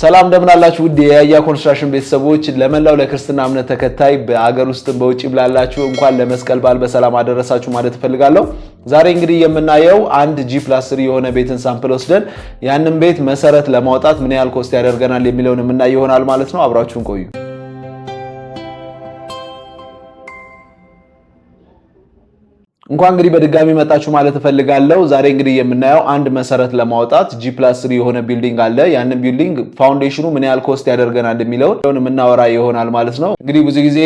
ሰላም እንደምን ውድ የያያ ኮንስትራክሽን ቤተሰቦች፣ ለመላው ለክርስትና እምነት ተከታይ በአገር ውስጥም በውጭም ላላችሁ እንኳን ለመስቀል በዓል በሰላም አደረሳችሁ ማለት እፈልጋለሁ። ዛሬ እንግዲህ የምናየው አንድ ጂ ፕላስ ስሪ የሆነ ቤትን ሳምፕል ወስደን ያንን ቤት መሰረት ለማውጣት ምን ያህል ኮስት ያደርገናል የሚለውን የምናየው ይሆናል ማለት ነው። አብራችሁን ቆዩ። እንኳን እንግዲህ በድጋሚ መጣችሁ ማለት እፈልጋለሁ። ዛሬ እንግዲህ የምናየው አንድ መሰረት ለማውጣት ጂ ፕላስ ስሪ የሆነ ቢልዲንግ አለ። ያንን ቢልዲንግ ፋውንዴሽኑ ምን ያህል ኮስት ያደርገናል የሚለውን የምናወራ ይሆናል ማለት ነው። እንግዲህ ብዙ ጊዜ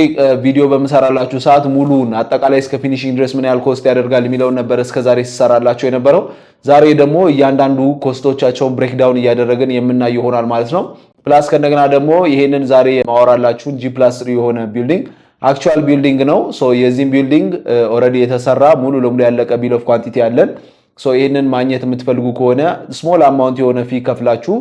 ቪዲዮ በምሰራላችሁ ሰዓት ሙሉን አጠቃላይ እስከ ፊኒሽንግ ድረስ ምን ያህል ኮስት ያደርጋል የሚለውን ነበረ እስከዛሬ ሲሰራላቸው የነበረው። ዛሬ ደግሞ እያንዳንዱ ኮስቶቻቸውን ብሬክዳውን እያደረግን የምናይ ይሆናል ማለት ነው። ፕላስ ከእንደገና ደግሞ ይሄንን ዛሬ ማወራላችሁን ጂ ፕላስ ስሪ የሆነ ቢልዲንግ አክቹዋል ቢልዲንግ ነው። የዚህም ቢልዲንግ ኦልሬዲ uh, የተሰራ ሙሉ ለሙሉ ያለቀ ቢል ኦፍ ኳንቲቲ አለን። ይህንን ማግኘት የምትፈልጉ ከሆነ ስሞል አማውንት የሆነ ፊ ከፍላችሁ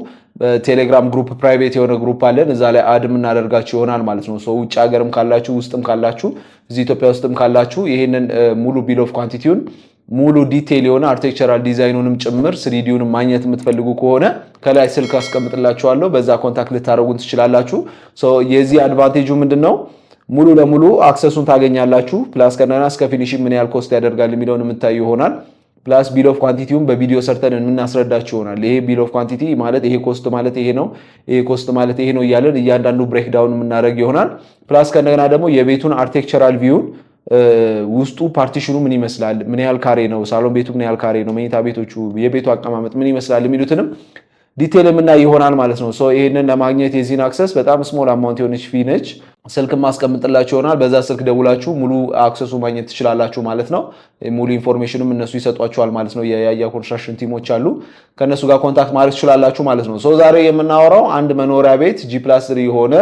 ቴሌግራም ግሩፕ ፕራይቬት የሆነ ግሩፕ አለን። እዛ ላይ አድ የምናደርጋችሁ ይሆናል ማለት ነው። ውጭ ሀገርም ካላችሁ ውስጥም ካላችሁ እዚህ ኢትዮጵያ ውስጥም ካላችሁ ይህንን uh, ሙሉ ቢል ኦፍ ኳንቲቲውን ሙሉ ዲቴይል የሆነ አርቴክቸራል ዲዛይኑንም ጭምር ስሪዲውንም ማግኘት የምትፈልጉ ከሆነ ከላይ ስልክ አስቀምጥላችኋለሁ። በዛ ኮንታክት ልታደረጉን ትችላላችሁ። የዚህ አድቫንቴጁ ምንድን ነው? ሙሉ ለሙሉ አክሰሱን ታገኛላችሁ። ፕላስ ከእንደገና እስከ ፊኒሽ ምን ያህል ኮስት ያደርጋል የሚለውን የምታዩ ይሆናል። ፕላስ ቢል ኦፍ ኳንቲቲውን በቪዲዮ ሰርተን የምናስረዳችሁ ይሆናል። ይሄ ቢል ኦፍ ኳንቲቲ ማለት ይሄ ኮስት ማለት ይሄ ነው፣ ይሄ ኮስት ማለት ይሄ ነው እያለን እያንዳንዱ ብሬክዳውን የምናደርግ ይሆናል። ፕላስ ከነገና ደግሞ የቤቱን አርቴክቸራል ቪውን ውስጡ ፓርቲሽኑ ምን ይመስላል፣ ምን ያህል ካሬ ነው፣ ሳሎን ቤቱ ምን ያህል ካሬ ነው፣ መኝታ ቤቶቹ፣ የቤቱ አቀማመጥ ምን ይመስላል የሚሉትንም ዲቴል የምናይ ይሆናል ማለት ነው። ይህንን ለማግኘት የዚህን አክሰስ በጣም ስሞል አማውንት የሆነች ፊ ነች። ስልክ ማስቀምጥላችሁ ይሆናል። በዛ ስልክ ደውላችሁ ሙሉ አክሰሱ ማግኘት ትችላላችሁ ማለት ነው። ሙሉ ኢንፎርሜሽንም እነሱ ይሰጧችኋል ማለት ነው። የያያ ኮንስትራክሽን ቲሞች አሉ። ከእነሱ ጋር ኮንታክት ማድረግ ትችላላችሁ ማለት ነው። ዛሬ የምናወራው አንድ መኖሪያ ቤት ጂ ፕላስ የሆነ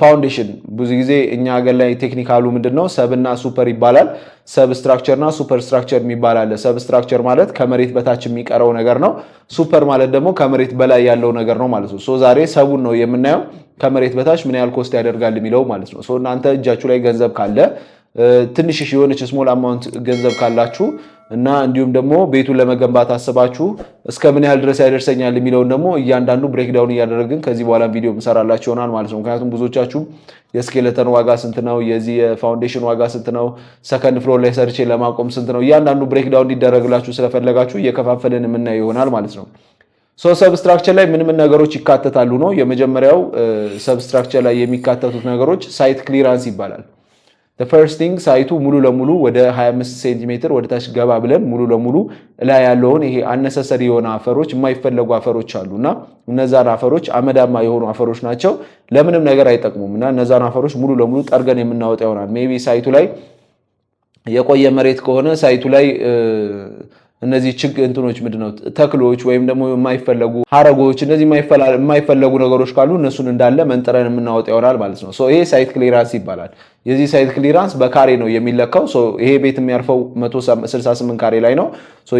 ፋውንዴሽን ብዙ ጊዜ እኛ ሀገር ላይ ቴክኒካሉ ምንድን ነው? ሰብና ሱፐር ይባላል። ሰብ ስትራክቸር ሱፐር ስትራክቸር የሚባል አለ። ሰብ ስትራክቸር ማለት ከመሬት በታች የሚቀረው ነገር ነው። ሱፐር ማለት ደግሞ ከመሬት በላይ ያለው ነገር ነው ማለት ነው። ዛሬ ሰቡን ነው የምናየው፣ ከመሬት በታች ምን ያህል ኮስት ያደርጋል የሚለው ማለት ነው። እናንተ እጃችሁ ላይ ገንዘብ ካለ ትንሽ የሆነች ስሞል አማውንት ገንዘብ ካላችሁ እና እንዲሁም ደግሞ ቤቱን ለመገንባት አስባችሁ እስከ ምን ያህል ድረስ ያደርሰኛል የሚለውን ደግሞ እያንዳንዱ ብሬክዳውን እያደረግን ከዚህ በኋላ ቪዲዮ ምሰራላችሁ ይሆናል ማለት ነው። ምክንያቱም ብዙዎቻችሁም የስኬለተን ዋጋ ስንት ነው፣ የዚህ የፋውንዴሽን ዋጋ ስንት ነው፣ ሰከንድ ፍሎር ላይ ሰርቼ ለማቆም ስንት ነው፣ እያንዳንዱ ብሬክዳውን እንዲደረግላችሁ ስለፈለጋችሁ እየከፋፈልን የምናየው ይሆናል ማለት ነው። ሶ ሰብስትራክቸር ላይ ምን ምን ነገሮች ይካተታሉ ነው። የመጀመሪያው ሰብስትራክቸር uh, ላይ የሚካተቱት ነገሮች ሳይት ክሊራንስ ይባላል። ፈርስቲንግ ሳይቱ ሙሉ ለሙሉ ወደ 25 ሴንቲሜትር ወደ ታች ገባ ብለን ሙሉ ለሙሉ ላይ ያለውን ይሄ አነሰሰሪ የሆነ አፈሮች የማይፈለጉ አፈሮች አሉ እና እነዛን አፈሮች አመዳማ የሆኑ አፈሮች ናቸው፣ ለምንም ነገር አይጠቅሙም እና እነዛን አፈሮች ሙሉ ለሙሉ ጠርገን የምናወጣ ይሆናል። ሜይ ቢ ሳይቱ ላይ የቆየ መሬት ከሆነ ሳይቱ ላይ እነዚህ ችግ እንትኖች ምንድነው ተክሎች ወይም ደግሞ የማይፈለጉ ሀረጎች እነዚህ የማይፈለጉ ነገሮች ካሉ እነሱን እንዳለ መንጥረን የምናወጣ ይሆናል ማለት ነው። ይሄ ሳይት ክሊራንስ ይባላል። የዚህ ሳይት ክሊራንስ በካሬ ነው የሚለካው። ይሄ ቤት የሚያርፈው 168 ካሬ ላይ ነው።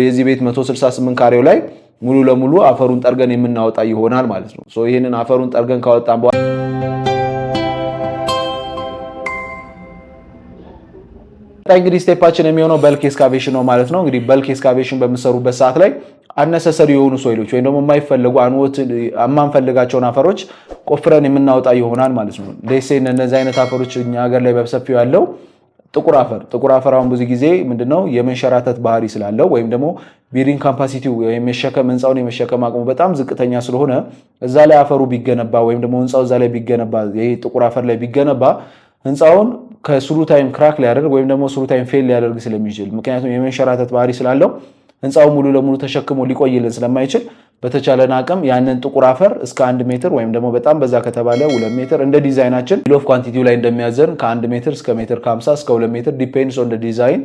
የዚህ ቤት 168 ካሬው ላይ ሙሉ ለሙሉ አፈሩን ጠርገን የምናወጣ ይሆናል ማለት ነው። ይህንን አፈሩን ጠርገን ካወጣን በኋላ ቀጣይ እንግዲህ ስቴፓችን የሚሆነው በልክ ኤስካቬሽን ነው ማለት ነው። እንግዲህ በልክ ኤስካቬሽን በምሰሩበት ሰዓት ላይ አነሰሰሪ የሆኑ ሶይሎች ወይም ደግሞ የማይፈለጉ የማንፈልጋቸውን አፈሮች ቆፍረን የምናወጣ ይሆናል ማለት ነው። ደሴ እነዚህ አይነት አፈሮች እኛ ሀገር ላይ በሰፊው ያለው ጥቁር አፈር ጥቁር አፈር አሁን ብዙ ጊዜ ምንድነው የመንሸራተት ባህሪ ስላለው ወይም ደግሞ ቢሪንግ ካፓሲቲው የመሸከም ህንፃውን የመሸከም አቅሙ በጣም ዝቅተኛ ስለሆነ እዛ ላይ አፈሩ ቢገነባ ወይም ደግሞ ህንፃው እዛ ላይ ቢገነባ ይሄ ጥቁር አፈር ላይ ቢገነባ ህንፃውን ከስሩ ታይም ክራክ ሊያደርግ ወይም ደግሞ ስሩ ታይም ፌል ሊያደርግ ስለሚችል ምክንያቱም የመንሸራተት ባህሪ ስላለው ህንፃው ሙሉ ለሙሉ ተሸክሞ ሊቆይልን ስለማይችል በተቻለን አቅም ያንን ጥቁር አፈር እስከ አንድ ሜትር ወይም ደግሞ በጣም በዛ ከተባለ ሁለት ሜትር እንደ ዲዛይናችን ሎፍ ኳንቲቲው ላይ እንደሚያዘን ከአንድ ሜትር እስከ ሜትር ከ50 እስከ ሁለት ሜትር ዲፔንድስ ኦን ዲዛይን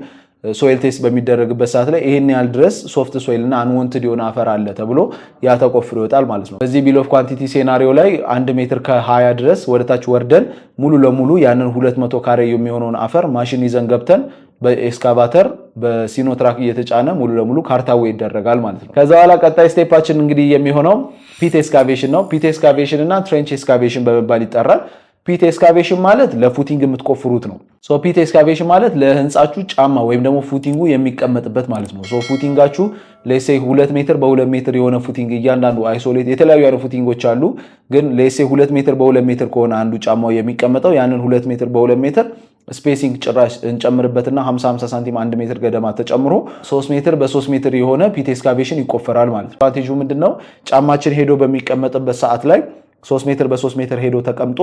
ሶይል ቴስት በሚደረግበት ሰዓት ላይ ይህን ያህል ድረስ ሶፍት ሶይል እና አንወንትድ የሆነ አፈር አለ ተብሎ ያ ተቆፍሮ ይወጣል ማለት ነው። በዚህ ቢል ኦፍ ኳንቲቲ ሴናሪዮ ላይ አንድ ሜትር ከሀያ ድረስ ወደታች ወርደን ሙሉ ለሙሉ ያንን ሁለት መቶ ካሬ የሚሆነውን አፈር ማሽን ይዘን ገብተን በኤስካቫተር በሲኖትራክ እየተጫነ ሙሉ ለሙሉ ካርታዌ ይደረጋል ማለት ነው። ከዛ በኋላ ቀጣይ ስቴፓችን እንግዲህ የሚሆነው ፒት ኤስካቬሽን ነው። ፒት ኤስካቬሽን እና ትሬንች ኤስካቬሽን በመባል ይጠራል። ፒት ኤስካቬሽን ማለት ለፉቲንግ የምትቆፍሩት ነው። ሶ ፒት ኤስካቬሽን ማለት ለህንፃችሁ ጫማ ወይም ደግሞ ፉቲንጉ የሚቀመጥበት ማለት ነው። ሶ ፉቲንጋችሁ ሌሴ ሁለት ሜትር በሁለት ሜትር የሆነ ፉቲንግ እያንዳንዱ አይሶሌት የተለያዩ አይነት ፉቲንጎች አሉ። ግን ሌሴ ሁለት ሜትር በሁለት ሜትር ከሆነ አንዱ ጫማው የሚቀመጠው ያንን ሁለት ሜትር በሁለት ሜትር ስፔሲንግ ጭራሽ እንጨምርበትና 50 ሳንቲም አንድ ሜትር ገደማ ተጨምሮ 3 ሜትር በ3 ሜትር የሆነ ፒት ኤስካቬሽን ይቆፈራል ማለት ነው። ስትራቴጂው ምንድን ነው? ጫማችን ሄዶ በሚቀመጥበት ሰዓት ላይ ሶስት ሜትር በሶስት ሜትር ሄዶ ተቀምጦ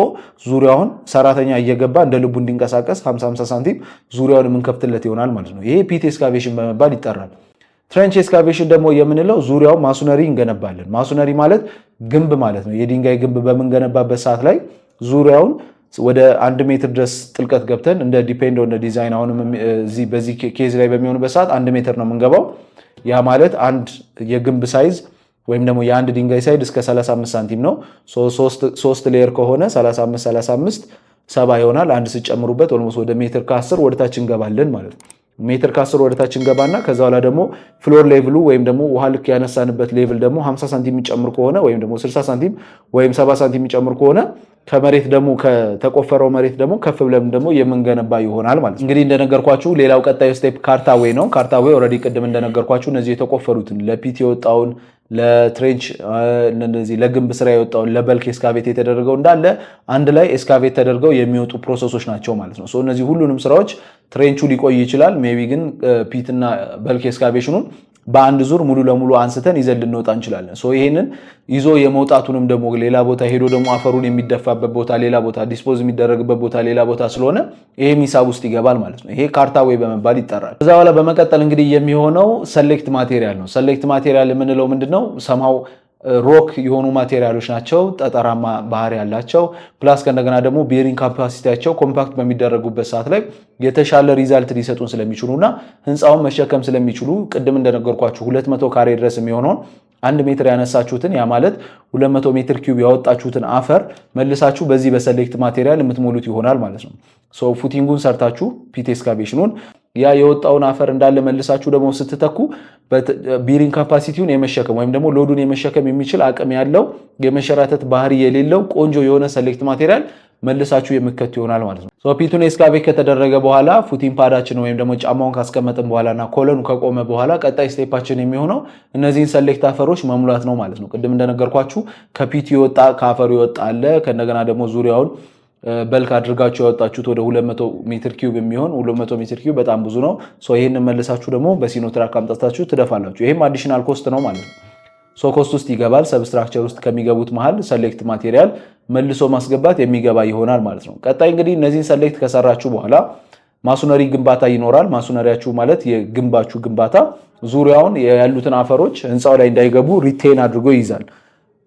ዙሪያውን ሰራተኛ እየገባ እንደ ልቡ እንዲንቀሳቀስ 50 ሳንቲም ዙሪያውን የምንከፍትለት ይሆናል ማለት ነው። ይሄ ፒት ኤስካቬሽን በመባል ይጠራል። ትረንች ኤስካቬሽን ደግሞ የምንለው ዙሪያው ማሱነሪ እንገነባለን። ማሱነሪ ማለት ግንብ ማለት ነው። የድንጋይ ግንብ በምንገነባበት ሰዓት ላይ ዙሪያውን ወደ አንድ ሜትር ድረስ ጥልቀት ገብተን እንደ ዲፔንድ ኦን ዲዛይን አሁንም በዚህ ኬዝ ላይ በሚሆንበት ሰዓት አንድ ሜትር ነው የምንገባው። ያ ማለት አንድ የግንብ ሳይዝ ወይም ደግሞ የአንድ ድንጋይ ሳይድ እስከ 35 ሳንቲም ነው። ሶስት ሌየር ከሆነ 35 35 ሰባ ይሆናል። አንድ ስጨምሩበት ኦልሞስት ወደ ሜትር ከአስር ወደታች እንገባለን ማለት ነው። ሜትር ከአስር ወደታች እንገባና ከዛ በኋላ ደግሞ ፍሎር ሌቭሉ ወይም ደግሞ ውሃ ልክ ያነሳንበት ሌቭል ደግሞ 50 ሳንቲም የሚጨምር ከሆነ ወይም ደግሞ 60 ሳንቲም ወይም 70 ሳንቲም የሚጨምር ከሆነ ከመሬት ደግሞ ከተቆፈረው መሬት ደግሞ ከፍ ብለም ደግሞ የምንገነባ ይሆናል ማለት ነው። እንግዲህ እንደነገርኳችሁ ሌላው ቀጣዩ ስቴፕ ካርታዌይ ነው። ካርታዌይ ኦልሬዲ ቅድም እንደነገርኳችሁ እነዚህ የተቆፈሩትን ለፒት የወጣውን ለትሬንች እነዚህ ለግንብ ስራ የወጣውን ለበልክ ኤስካቬት የተደረገው እንዳለ አንድ ላይ ኤስካቬት ተደርገው የሚወጡ ፕሮሰሶች ናቸው ማለት ነው። እነዚህ ሁሉንም ስራዎች ትሬንቹ ሊቆይ ይችላል ሜይ ቢ ግን ፒትና በልክ ኤስካቬሽኑን በአንድ ዙር ሙሉ ለሙሉ አንስተን ይዘን ልንወጣ እንችላለን። ይሄንን ይዞ የመውጣቱንም ደግሞ ሌላ ቦታ ሄዶ ደግሞ አፈሩን የሚደፋበት ቦታ ሌላ ቦታ፣ ዲስፖዝ የሚደረግበት ቦታ ሌላ ቦታ ስለሆነ ይህም ሂሳብ ውስጥ ይገባል ማለት ነው። ይሄ ካርታ ወይ በመባል ይጠራል። ከዛ በኋላ በመቀጠል እንግዲህ የሚሆነው ሰሌክት ማቴሪያል ነው። ሰሌክት ማቴሪያል የምንለው ምንድነው? ሰማው ሮክ የሆኑ ማቴሪያሎች ናቸው። ጠጠራማ ባህሪ ያላቸው ፕላስ ከእንደገና ደግሞ ቤሪንግ ካፓሲቲያቸው ኮምፓክት በሚደረጉበት ሰዓት ላይ የተሻለ ሪዛልት ሊሰጡን ስለሚችሉ እና ህንፃውን መሸከም ስለሚችሉ ቅድም እንደነገርኳችሁ ሁለት መቶ ካሬ ድረስ የሚሆነውን አንድ ሜትር ያነሳችሁትን ያ ማለት 200 ሜትር ኪዩብ ያወጣችሁትን አፈር መልሳችሁ በዚህ በሰሌክት ማቴሪያል የምትሞሉት ይሆናል ማለት ነው። ሶ ፉቲንጉን ሰርታችሁ ፒት ኤስካቬሽኑን ያ የወጣውን አፈር እንዳለ መልሳችሁ ደግሞ ስትተኩ ቢሪንግ ካፓሲቲውን የመሸከም ወይም ደግሞ ሎዱን የመሸከም የሚችል አቅም ያለው የመሸራተት ባህሪ የሌለው ቆንጆ የሆነ ሰሌክት ማቴሪያል መልሳችሁ የምከቱ ይሆናል ማለት ነው። ፒቱን ኤስካቬት ከተደረገ በኋላ ፉቲን ፓዳችን ወይም ደግሞ ጫማውን ካስቀመጥን በኋላ እና ኮለኑ ከቆመ በኋላ ቀጣይ ስቴፓችን የሚሆነው እነዚህን ሰሌክት አፈሮች መሙላት ነው ማለት ነው። ቅድም እንደነገርኳችሁ ከፒቱ የወጣ ከአፈሩ የወጣ አለ። ከእንደገና ደግሞ ዙሪያውን በልክ አድርጋችሁ ያወጣችሁት ወደ 200 ሜትር ኪዩብ የሚሆን 200 ሜትር ኪዩብ በጣም ብዙ ነው። ይህንን መልሳችሁ ደግሞ በሲኖትራክ አምጠታችሁ ትደፋላችሁ። ይህም አዲሽናል ኮስት ነው ማለት ነው። ሶኮስት ውስጥ ይገባል። ሰብስትራክቸር ውስጥ ከሚገቡት መሀል ሰሌክት ማቴሪያል መልሶ ማስገባት የሚገባ ይሆናል ማለት ነው። ቀጣይ እንግዲህ እነዚህን ሰሌክት ከሰራችሁ በኋላ ማሱነሪ ግንባታ ይኖራል። ማሱነሪያችሁ ማለት የግንባችሁ ግንባታ ዙሪያውን ያሉትን አፈሮች ህንፃው ላይ እንዳይገቡ ሪቴን አድርጎ ይይዛል።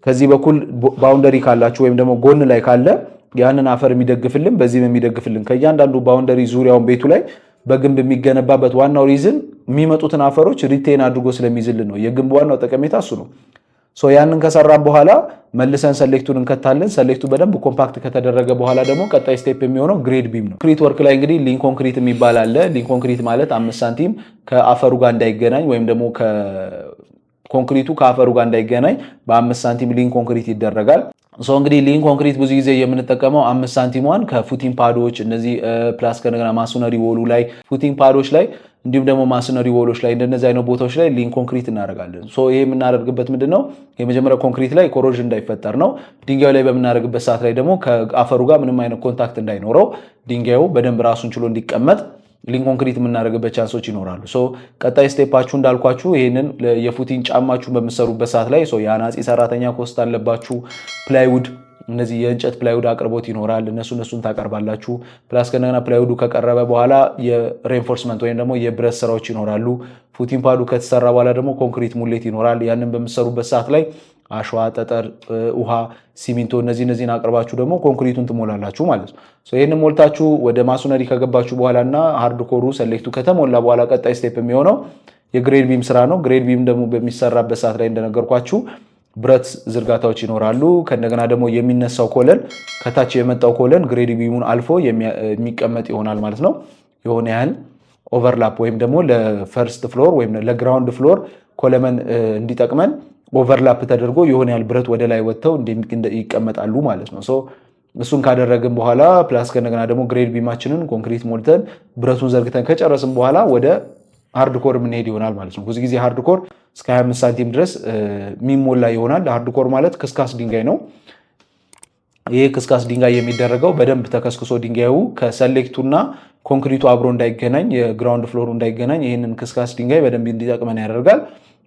ከዚህ በኩል ባውንደሪ ካላችሁ ወይም ደግሞ ጎን ላይ ካለ ያንን አፈር የሚደግፍልን በዚህም የሚደግፍልን ከእያንዳንዱ ባውንደሪ ዙሪያውን ቤቱ ላይ በግንብ የሚገነባበት ዋናው ሪዝን የሚመጡትን አፈሮች ሪቴን አድርጎ ስለሚይዝልን ነው። የግንብ ዋናው ጠቀሜታ እሱ ነው። ሶ ያንን ከሰራን በኋላ መልሰን ሰሌክቱን እንከታለን። ሰሌክቱ በደንብ ኮምፓክት ከተደረገ በኋላ ደግሞ ቀጣይ ስቴፕ የሚሆነው ግሬድ ቢም ነው። ክሪት ወርክ ላይ እንግዲህ ሊን ኮንክሪት የሚባል አለ። ሊን ኮንክሪት ማለት አምስት ሳንቲም ከአፈሩ ጋር እንዳይገናኝ ወይም ደግሞ ኮንክሪቱ ከአፈሩ ጋር እንዳይገናኝ በአምስት ሳንቲም ሊን ኮንክሪት ይደረጋል። ሶ እንግዲህ ሊን ኮንክሪት ብዙ ጊዜ የምንጠቀመው አምስት ሳንቲሟን ከፉቲን ፓዶች እነዚህ ፕላስ ከነገና ማሶነሪ ወሉ ላይ ፉቲን ፓዶች ላይ እንዲሁም ደግሞ ማሶነሪ ወሎች ላይ እንደነዚህ አይነት ቦታዎች ላይ ሊን ኮንክሪት እናደርጋለን። ሶ ይሄ የምናደርግበት ምንድን ነው? የመጀመሪያው ኮንክሪት ላይ ኮሮዥን እንዳይፈጠር ነው። ድንጋዩ ላይ በምናደርግበት ሰዓት ላይ ደግሞ ከአፈሩ ጋር ምንም አይነት ኮንታክት እንዳይኖረው ድንጋዩ በደንብ ራሱን ችሎ እንዲቀመጥ ሊንክ ኮንክሪት የምናደርግበት ቻንሶች ይኖራሉ። ቀጣይ ስቴፓችሁ እንዳልኳችሁ ይህንን የፉቲን ጫማችሁን በምሰሩበት ሰዓት ላይ የአናፂ ሰራተኛ ኮስት አለባችሁ። ፕላይውድ እነዚህ የእንጨት ፕላይውድ አቅርቦት ይኖራል። እነሱ እነሱን ታቀርባላችሁ። ፕላስ ከነገና ፕላይውዱ ከቀረበ በኋላ የሬንፎርስመንት ወይም ደግሞ የብረት ስራዎች ይኖራሉ። ፉቲን ፓዱ ከተሰራ በኋላ ደግሞ ኮንክሪት ሙሌት ይኖራል። ያንን በምሰሩበት ሰዓት ላይ አሸዋ፣ ጠጠር፣ ውሃ፣ ሲሚንቶ እነዚህ እነዚህን አቅርባችሁ ደግሞ ኮንክሪቱን ትሞላላችሁ ማለት ነው። ይህን ሞልታችሁ ወደ ማሱነሪ ከገባችሁ በኋላ እና ሃርድኮሩ ሰሌክቱ ከተሞላ በኋላ ቀጣይ ስቴፕ የሚሆነው የግሬድ ቢም ስራ ነው። ግሬድ ቢም ደግሞ በሚሰራበት ሰዓት ላይ እንደነገርኳችሁ ብረት ዝርጋታዎች ይኖራሉ። ከእንደገና ደግሞ የሚነሳው ኮለን ከታች የመጣው ኮለን ግሬድ ቢሙን አልፎ የሚቀመጥ ይሆናል ማለት ነው። የሆነ ያህል ኦቨርላፕ ወይም ደግሞ ለፈርስት ፍሎር ወይም ለግራውንድ ፍሎር ኮለመን እንዲጠቅመን ኦቨርላፕ ተደርጎ የሆነ ያህል ብረት ወደ ላይ ወጥተው ይቀመጣሉ ማለት ነው። እሱን ካደረግን በኋላ ፕላስ ከእንደገና ደግሞ ግሬድ ቢማችንን ኮንክሪት ሞልተን ብረቱን ዘርግተን ከጨረስን በኋላ ወደ ሃርድኮር የምንሄድ ይሆናል ማለት ነው። ብዙ ጊዜ ሃርድኮር እስከ 25 ሳንቲም ድረስ የሚሞላ ይሆናል። ሃርድኮር ማለት ክስካስ ድንጋይ ነው። ይህ ክስካስ ድንጋይ የሚደረገው በደንብ ተከስክሶ ድንጋዩ ከሰሌክቱና ኮንክሪቱ አብሮ እንዳይገናኝ፣ የግራውንድ ፍሎሩ እንዳይገናኝ ይህንን ክስካስ ድንጋይ በደንብ እንዲጠቅመን ያደርጋል።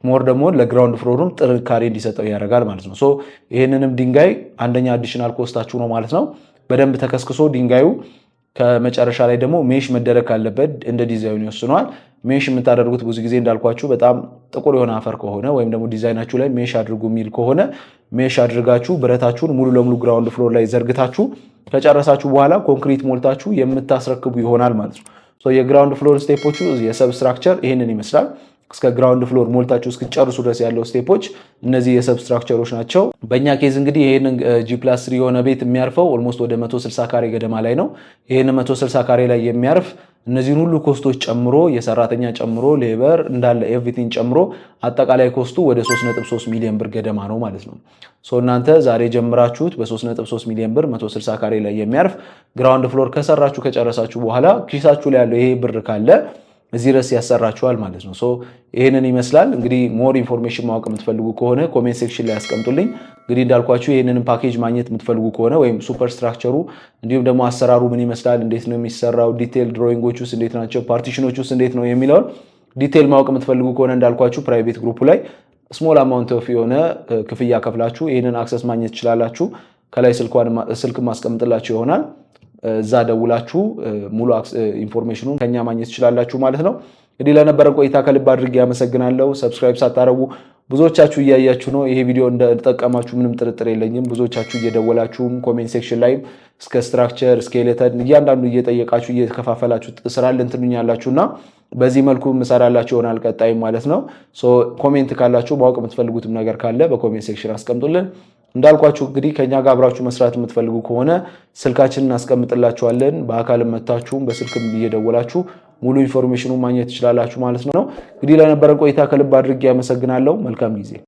ሞር ደግሞ ለግራውንድ ፍሎሩም ጥንካሬ እንዲሰጠው ያደርጋል ማለት ነው። ሶ ይህንንም ድንጋይ አንደኛ አዲሽናል ኮስታችሁ ነው ማለት ነው። በደንብ ተከስክሶ ድንጋዩ ከመጨረሻ ላይ ደግሞ ሜሽ መደረግ ካለበት እንደ ዲዛይኑ ይወስነዋል። ሜሽ የምታደርጉት ብዙ ጊዜ እንዳልኳችሁ በጣም ጥቁር የሆነ አፈር ከሆነ ወይም ደግሞ ዲዛይናችሁ ላይ ሜሽ አድርጉ የሚል ከሆነ ሜሽ አድርጋችሁ ብረታችሁን ሙሉ ለሙሉ ግራውንድ ፍሎር ላይ ዘርግታችሁ ከጨረሳችሁ በኋላ ኮንክሪት ሞልታችሁ የምታስረክቡ ይሆናል ማለት ነው። የግራውንድ ፍሎር ስቴፖቹ የሰብስትራክቸር ይህንን ይመስላል። እስከ ግራውንድ ፍሎር ሞልታችሁ እስክጨርሱ ድረስ ያለው ስቴፖች እነዚህ የሰብስትራክቸሮች ናቸው። በእኛ ኬዝ እንግዲህ ይህንን ጂፕላስ ስሪ የሆነ ቤት የሚያርፈው ኦልሞስት ወደ 160 ካሬ ገደማ ላይ ነው። ይህን 160 ካሬ ላይ የሚያርፍ እነዚህን ሁሉ ኮስቶች ጨምሮ የሰራተኛ ጨምሮ ሌበር እንዳለ ኤቭሪቲን ጨምሮ አጠቃላይ ኮስቱ ወደ 3.3 ሚሊዮን ብር ገደማ ነው ማለት ነው። እናንተ ዛሬ ጀምራችሁት በ3.3 ሚሊዮን ብር 160 ካሬ ላይ የሚያርፍ ግራውንድ ፍሎር ከሰራችሁ ከጨረሳችሁ በኋላ ኪሳችሁ ላይ ያለው ይሄ ብር ካለ እዚህ ድረስ ያሰራችኋል ማለት ነው። ሶ ይህንን ይመስላል እንግዲህ። ሞር ኢንፎርሜሽን ማወቅ የምትፈልጉ ከሆነ ኮሜንት ሴክሽን ላይ ያስቀምጡልኝ። እንግዲህ እንዳልኳችሁ ይህንን ፓኬጅ ማግኘት የምትፈልጉ ከሆነ ወይም ሱፐር ስትራክቸሩ እንዲሁም ደግሞ አሰራሩ ምን ይመስላል፣ እንዴት ነው የሚሰራው፣ ዲቴል ድሮይንጎች ውስጥ እንዴት ናቸው፣ ፓርቲሽኖች ውስጥ እንዴት ነው የሚለውን ዲቴል ማወቅ የምትፈልጉ ከሆነ እንዳልኳችሁ ፕራይቬት ግሩፑ ላይ ስሞል አማውንት ኦፍ የሆነ ክፍያ ከፍላችሁ ይህንን አክሰስ ማግኘት ትችላላችሁ። ከላይ ስልክ ማስቀምጥላችሁ ይሆናል። እዛ ደውላችሁ ሙሉ ኢንፎርሜሽኑን ከኛ ማግኘት ትችላላችሁ ማለት ነው። እንግዲህ ለነበረ ቆይታ ከልብ አድርጌ ያመሰግናለሁ። ሰብስክራይብ ሳታረጉ ብዙዎቻችሁ እያያችሁ ነው። ይሄ ቪዲዮ እንደጠቀማችሁ ምንም ጥርጥር የለኝም። ብዙዎቻችሁ እየደወላችሁም ኮሜንት ሴክሽን ላይም እስከ ስትራክቸር ስኬሌተን እያንዳንዱ እየጠየቃችሁ እየተከፋፈላችሁ ስራ ልንትኑኛላችሁ እና በዚህ መልኩ ምሰራላችሁ ይሆናል ቀጣይም ማለት ነው። ኮሜንት ካላችሁ ማወቅ የምትፈልጉትም ነገር ካለ በኮሜንት ሴክሽን አስቀምጡልን። እንዳልኳችሁ እንግዲህ ከኛ ጋር አብራችሁ መስራት የምትፈልጉ ከሆነ ስልካችንን እናስቀምጥላችኋለን። በአካልም መታችሁም በስልክም እየደወላችሁ ሙሉ ኢንፎርሜሽኑን ማግኘት ትችላላችሁ ማለት ነው። እንግዲህ ለነበረን ቆይታ ከልብ አድርጌ ያመሰግናለሁ። መልካም ጊዜ